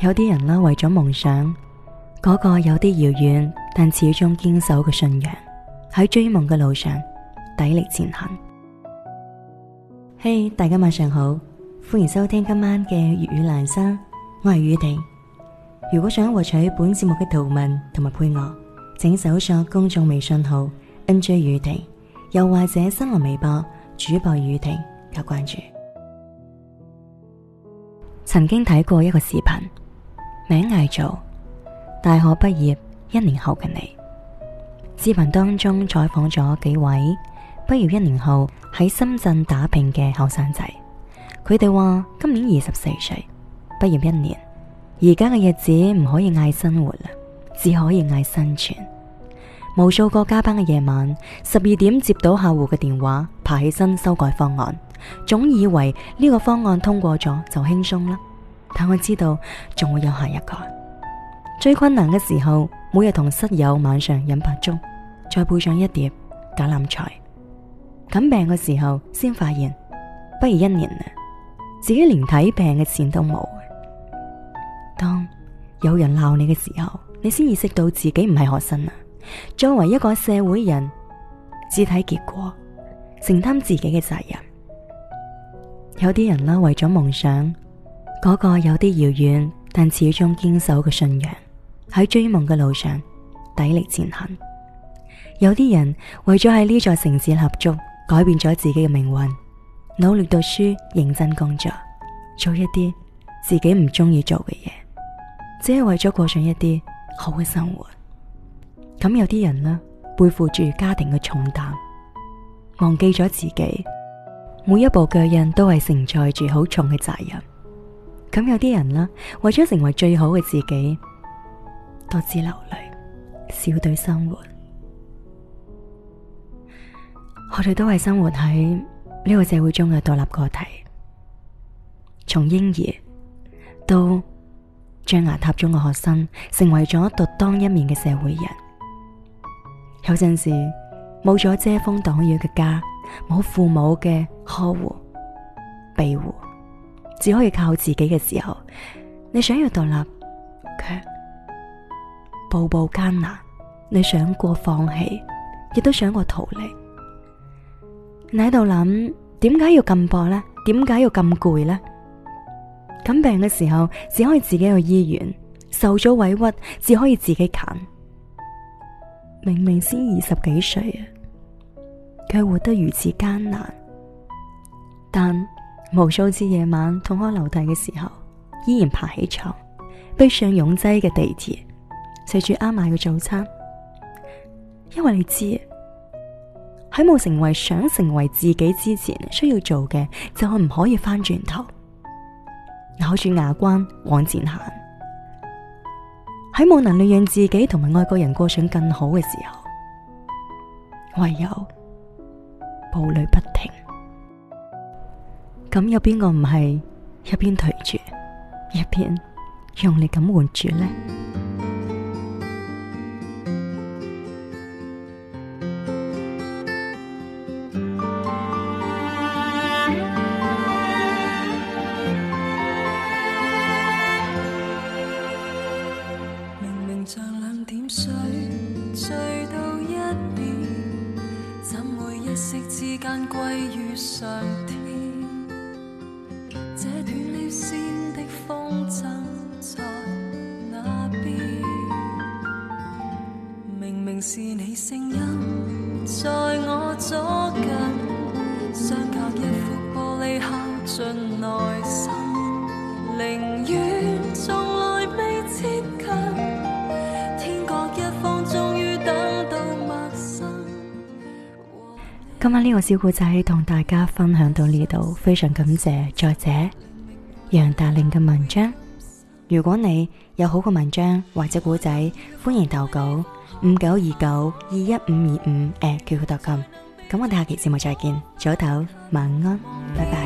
有啲人啦，為咗夢想，嗰個有啲遙遠，但始終堅守嘅信仰，喺追夢嘅路上，砥礪前行。嘿、hey，大家晚上好，歡迎收聽今晚嘅粵語南生，我係宇婷。如果想獲取本節目嘅圖文同埋配樂，請搜索公眾微信號 NJ 宇婷，又或者新浪微博主播宇婷加關注。曾經睇過一個視頻。名嗌做，大學畢業一年後嘅你，視頻當中採訪咗幾位畢業一年後喺深圳打拼嘅後生仔，佢哋話，今年二十四歲，畢業一年，而家嘅日子唔可以嗌生活啦，只可以嗌生存。無數個加班嘅夜晚，十二點接到客戶嘅電話，爬起身修改方案，總以為呢個方案通過咗就輕鬆啦。但我知道仲會有下一個。最困難嘅時候，每日同室友晚上飲白粥，再配上一碟橄欖菜。咁病嘅時候，先發現，畢業一年啊。自己連睇病嘅錢都冇。當有人鬧你嘅時候，你先意識到自己唔係學生啊。作為一個社會人，只睇結果，承擔自己嘅責任。有啲人啦，為咗夢想。嗰個有啲遙遠，但始終堅守嘅信仰，喺追夢嘅路上，砥礪前行。有啲人為咗喺呢座城市立足，改變咗自己嘅命運，努力讀書，認真工作，做一啲自己唔中意做嘅嘢，只係為咗過上一啲好嘅生活。咁有啲人呢，背負住家庭嘅重擔，忘記咗自己，每一步腳印都係承載住好重嘅責任。咁有啲人啦，為咗成為最好嘅自己，獨自流淚，笑對生活。我哋都係生活喺呢個社會中嘅獨立個體，從嬰兒到象牙塔中嘅學生，成為咗獨當一面嘅社會人。有陣時冇咗遮風擋雨嘅家，冇父母嘅呵護庇護。只可以靠自己嘅時候，你想要獨立，卻步步艱難。你想過放棄，亦都想過逃離。你喺度諗，點解要咁搏呢？點解要咁攰呢？咁病嘅時候，只可以自己去醫院；受咗委屈，只可以自己啃。明明先二十幾歲啊，卻活得如此艱難。但無數次夜晚痛哭流涕嘅時候，依然爬起床，逼上擁擠嘅地鐵，食住啱買嘅早餐，因為你知喺冇成為想成為自己之前，需要做嘅就係唔可以翻轉頭咬住牙關往前行。喺冇能力讓自己同埋外國人過上更好嘅時候，唯有步履不停。咁有邊個唔係一邊頹住，一邊用力咁換住呢？明明像兩點水，聚到一邊，怎會一息之間歸於上天？飄的風箏在那邊，明明是你聲音在我左近，相隔一庫玻璃敲盡內心，寧願從來未接近，天各一方，終於等到陌生。今晚呢個小故仔同大家分享到呢度，非常感謝，再者。楊大令嘅文章，如果你有好嘅文章或者古仔，歡迎投稿五九二九二一五二五 atqq.com，咁我哋下期節目再見。早唞，晚安，拜拜。